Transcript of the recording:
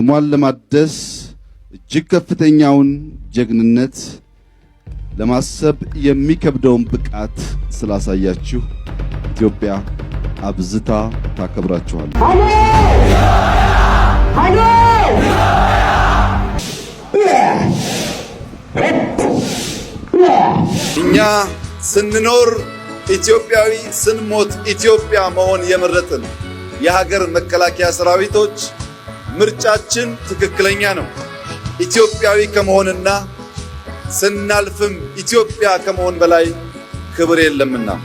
ስሟን ለማደስ እጅግ ከፍተኛውን ጀግንነት ለማሰብ የሚከብደውን ብቃት ስላሳያችሁ ኢትዮጵያ አብዝታ ታከብራችኋለሁ። እኛ ስንኖር ኢትዮጵያዊ፣ ስንሞት ኢትዮጵያ መሆን የመረጥን የሀገር መከላከያ ሰራዊቶች ምርጫችን ትክክለኛ ነው። ኢትዮጵያዊ ከመሆንና ስናልፍም ኢትዮጵያ ከመሆን በላይ ክብር የለምና